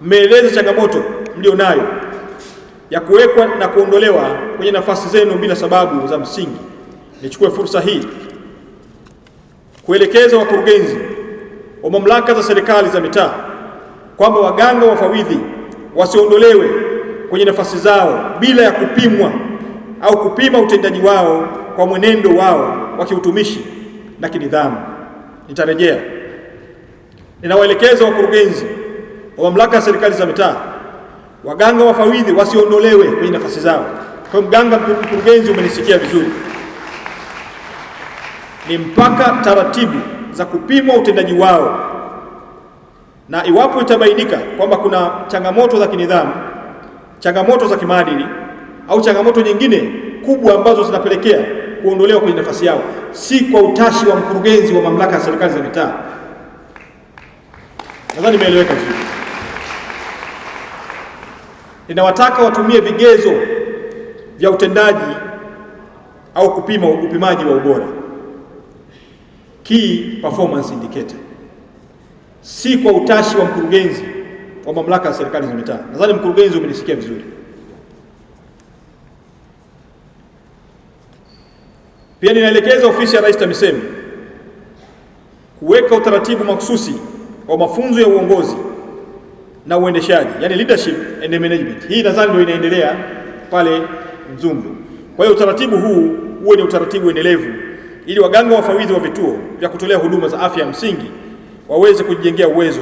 mmeeleza changamoto mlio nayo ya kuwekwa na kuondolewa kwenye nafasi zenu bila sababu za msingi. Nichukue fursa hii kuelekeza wakurugenzi wa mamlaka za serikali za mitaa kwamba waganga wafawidhi wasiondolewe kwenye nafasi zao bila ya kupimwa au kupima utendaji wao kwa mwenendo wao wa kiutumishi na kinidhamu. Nitarejea, ninawaelekeza wakurugenzi wa mamlaka ya serikali za mitaa, waganga wafawidhi wasiondolewe kwenye nafasi zao. Kwa mganga mkurugenzi, umenisikia vizuri, ni mpaka taratibu za kupimwa utendaji wao, na iwapo itabainika kwamba kuna changamoto za kinidhamu, changamoto za kimaadili au changamoto nyingine kubwa ambazo zinapelekea kuondolewa kwenye nafasi yao, si kwa utashi wa mkurugenzi wa mamlaka ya serikali za mitaa. Nadhani imeeleweka vizuri linawataka watumie vigezo vya utendaji au kupima upimaji wa ubora, key performance indicator, si kwa utashi wa mkurugenzi wa mamlaka ya serikali za mitaa. Nadhani mkurugenzi umenisikia vizuri. Pia ninaelekeza ofisi ya Rais TAMISEMI kuweka utaratibu mahususi wa mafunzo ya uongozi na uendeshaji, yani leadership and management. Hii nadhani ndio inaendelea pale Nzumbu. Kwa hiyo utaratibu huu uwe ni utaratibu endelevu, ili waganga wafawidhi wa vituo vya kutolea huduma za afya ya msingi waweze kujijengea uwezo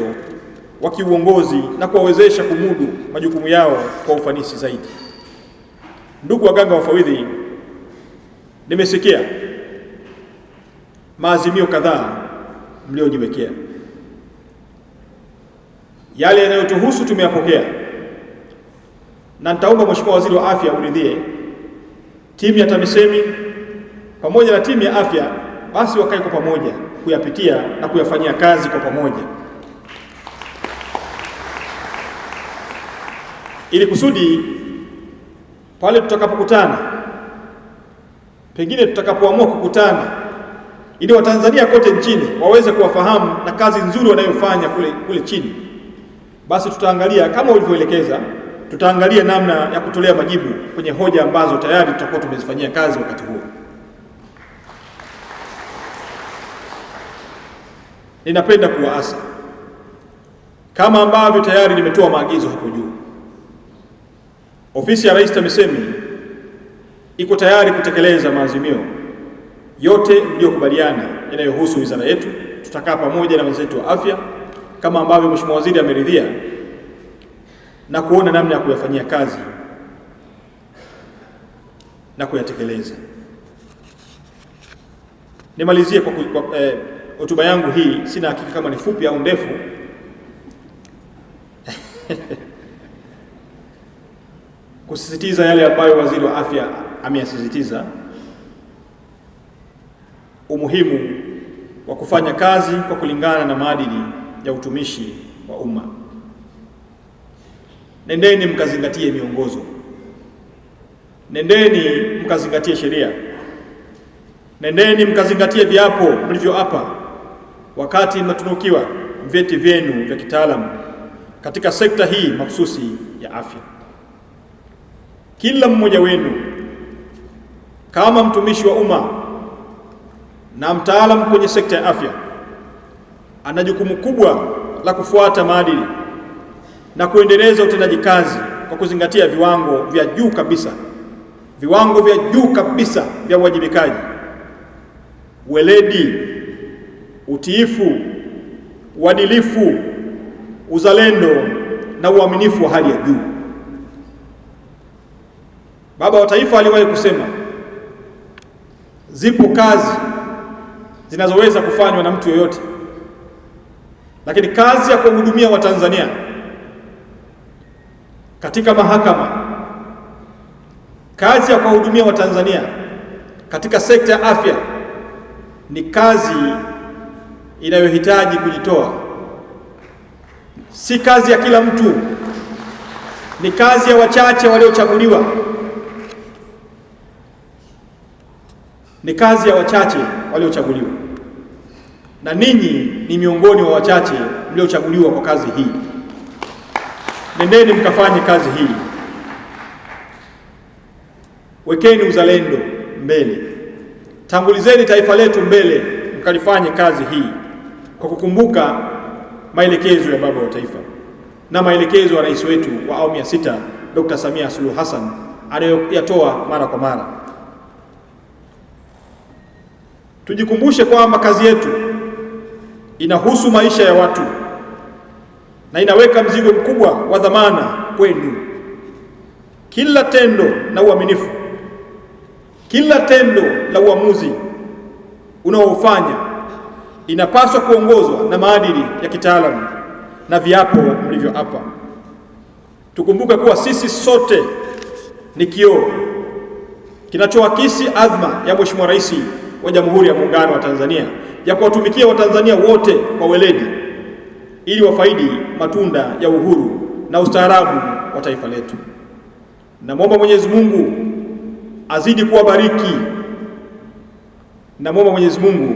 wa kiuongozi na kuwawezesha kumudu majukumu yao kwa ufanisi zaidi. Ndugu waganga wafawidhi, nimesikia maazimio kadhaa mliojiwekea. Yale yanayotuhusu tumeyapokea, na nitaomba Mheshimiwa Waziri wa Afya uridhie timu ya TAMISEMI pamoja na timu ya afya basi wakae kwa pamoja kuyapitia na kuyafanyia kazi kwa pamoja, ili kusudi pale tutakapokutana, pengine tutakapoamua kukutana, ili Watanzania kote nchini waweze kuwafahamu na kazi nzuri wanayofanya kule, kule chini basi tutaangalia kama ulivyoelekeza, tutaangalia namna ya kutolea majibu kwenye hoja ambazo tayari tutakuwa tumezifanyia kazi wakati huo. Ninapenda kuwaasa kama ambavyo tayari nimetoa maagizo hapo juu, ofisi ya Rais TAMISEMI iko tayari kutekeleza maazimio yote mliyokubaliana yanayohusu wizara yetu. Tutakaa pamoja na wenzetu wa afya kama ambavyo Mheshimiwa Waziri ameridhia na kuona namna ya kuyafanyia kazi na kuyatekeleza. Nimalizie kwa eh, hotuba eh, yangu hii. Sina hakika kama ni fupi au ndefu kusisitiza yale ambayo waziri wa afya ameyasisitiza, umuhimu wa kufanya kazi kwa kulingana na maadili ya utumishi wa umma. Nendeni mkazingatie miongozo, nendeni mkazingatie sheria, nendeni mkazingatie viapo mlivyoapa wakati mnatunukiwa vyeti vyenu vya kitaalamu katika sekta hii mahususi ya afya. Kila mmoja wenu kama mtumishi wa umma na mtaalamu kwenye sekta ya afya ana jukumu kubwa la kufuata maadili na kuendeleza utendaji kazi kwa kuzingatia viwango vya juu kabisa, viwango vya juu kabisa vya uwajibikaji, weledi, utiifu, uadilifu, uzalendo na uaminifu wa hali ya juu. Baba wa Taifa aliwahi kusema, zipo kazi zinazoweza kufanywa na mtu yoyote lakini kazi ya kuwahudumia Watanzania katika mahakama, kazi ya kuwahudumia Watanzania katika sekta ya afya ni kazi inayohitaji kujitoa, si kazi ya kila mtu, ni kazi ya wachache waliochaguliwa, ni kazi ya wachache waliochaguliwa na ninyi ni miongoni mwa wachache mliochaguliwa kwa kazi hii. Nendeni mkafanye kazi hii, wekeni uzalendo mbele, tangulizeni taifa letu mbele, mkalifanye kazi hii kwa kukumbuka maelekezo ya baba wa taifa na maelekezo ya rais wetu wa awamu ya sita Dr. Samia Suluhu Hassan anayoyatoa mara kwa mara. Tujikumbushe kwamba kazi yetu inahusu maisha ya watu na inaweka mzigo mkubwa wa dhamana kwenu. Kila tendo na uaminifu, kila tendo la uamuzi unaofanya inapaswa kuongozwa na maadili ya kitaalamu na viapo mlivyoapa. Tukumbuke kuwa sisi sote ni kioo kinachoakisi azma ya Mheshimiwa Rais wa Jamhuri ya Muungano wa Tanzania ya kuwatumikia Watanzania wote kwa weledi ili wafaidi matunda ya uhuru na ustaarabu wa taifa letu. Namwomba Mwenyezi Mungu azidi kuwabariki, namwomba Mwenyezi Mungu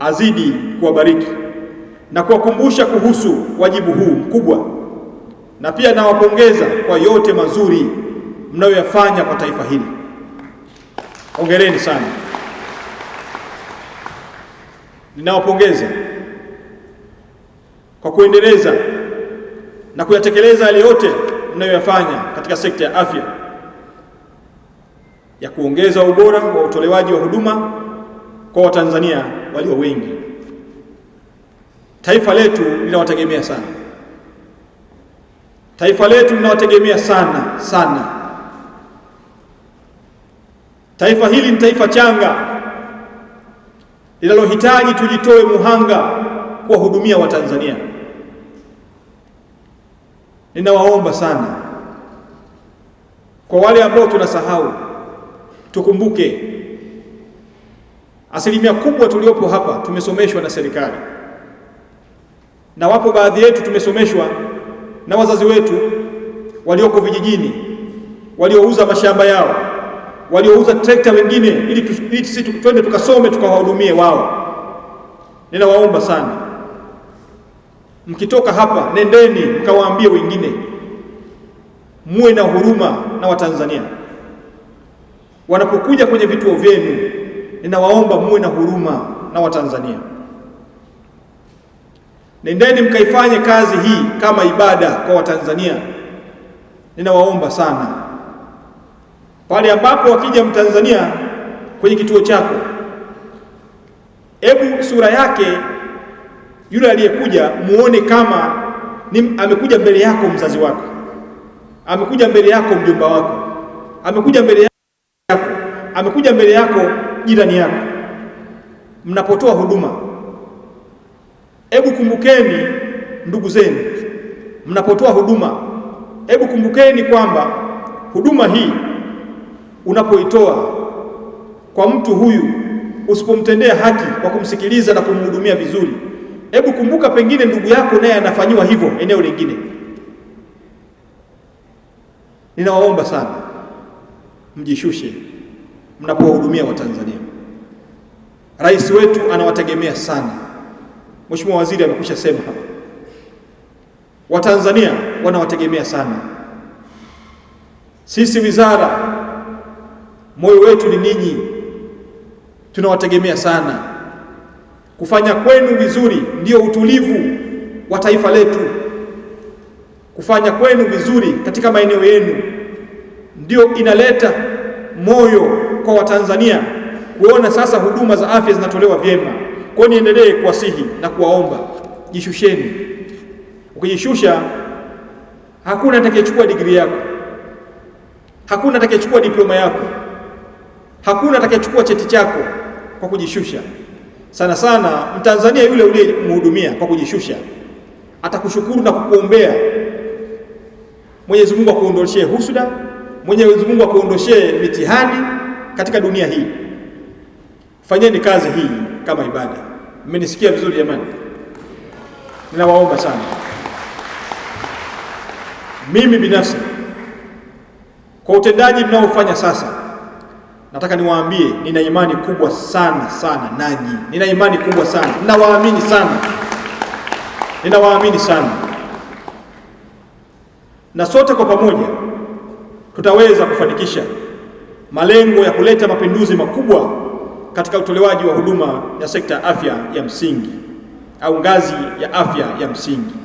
azidi kuwabariki na kuwakumbusha kuhusu wajibu huu mkubwa, na pia nawapongeza kwa yote mazuri mnayoyafanya kwa taifa hili. Hongereni sana. Ninawapongeza kwa kuendeleza na kuyatekeleza yale yote mnayoyafanya katika sekta ya afya ya kuongeza ubora wa utolewaji wa huduma kwa Watanzania walio wengi. Taifa letu linawategemea sana, taifa letu linawategemea sana sana. Taifa hili ni taifa changa linalohitaji tujitoe muhanga kuwahudumia Watanzania. Ninawaomba sana, kwa wale ambao tunasahau, tukumbuke asilimia kubwa tuliopo hapa tumesomeshwa na serikali, na wapo baadhi yetu tumesomeshwa na wazazi wetu walioko vijijini, waliouza mashamba yao waliouza trekta wengine, ili sisi twende tukasome tukawahudumie wao. Ninawaomba sana, mkitoka hapa nendeni mkawaambie wengine, muwe na huruma na Watanzania wanapokuja kwenye vituo vyenu. Ninawaomba muwe na huruma na Watanzania. Nendeni mkaifanye kazi hii kama ibada kwa Watanzania, ninawaomba sana pale ambapo akija Mtanzania kwenye kituo chako, hebu sura yake yule aliyekuja muone kama ni, amekuja mbele yako mzazi wako, amekuja mbele yako mjomba wako, amekuja mbele yako, amekuja mbele yako jirani yako, mnapotoa huduma. Hebu kumbukeni ndugu zenu, mnapotoa huduma, hebu kumbukeni kwamba huduma hii unapoitoa kwa mtu huyu, usipomtendea haki kwa kumsikiliza na kumhudumia vizuri, hebu kumbuka, pengine ndugu yako naye anafanyiwa hivyo eneo lingine. Ninawaomba sana mjishushe mnapowahudumia Watanzania. Rais wetu anawategemea sana. Mheshimiwa Waziri amekwisha sema hapa, Watanzania wanawategemea sana. Sisi wizara Moyo wetu ni ninyi, tunawategemea sana. Kufanya kwenu vizuri ndio utulivu wa taifa letu. Kufanya kwenu vizuri katika maeneo yenu ndio inaleta moyo kwa Watanzania kuona sasa huduma za afya zinatolewa vyema. Kwa niendelee kuwasihi na kuwaomba, jishusheni. Ukijishusha hakuna atakayechukua digrii yako, hakuna atakayechukua diploma yako. Hakuna atakayechukua cheti chako kwa kujishusha. Sana sana Mtanzania yule uliyemhudumia kwa kujishusha atakushukuru na kukuombea. Mwenyezi Mungu akuondoshee husuda, Mwenyezi Mungu akuondoshee mitihani katika dunia hii. Fanyeni kazi hii kama ibada. Mmenisikia vizuri jamani? Ninawaomba sana. Mimi binafsi kwa utendaji mnaofanya sasa nataka niwaambie, nina imani kubwa sana sana nanyi, nina imani kubwa sana, ninawaamini sana, ninawaamini sana, na sote kwa pamoja tutaweza kufanikisha malengo ya kuleta mapinduzi makubwa katika utolewaji wa huduma ya sekta ya afya ya msingi au ngazi ya afya ya msingi.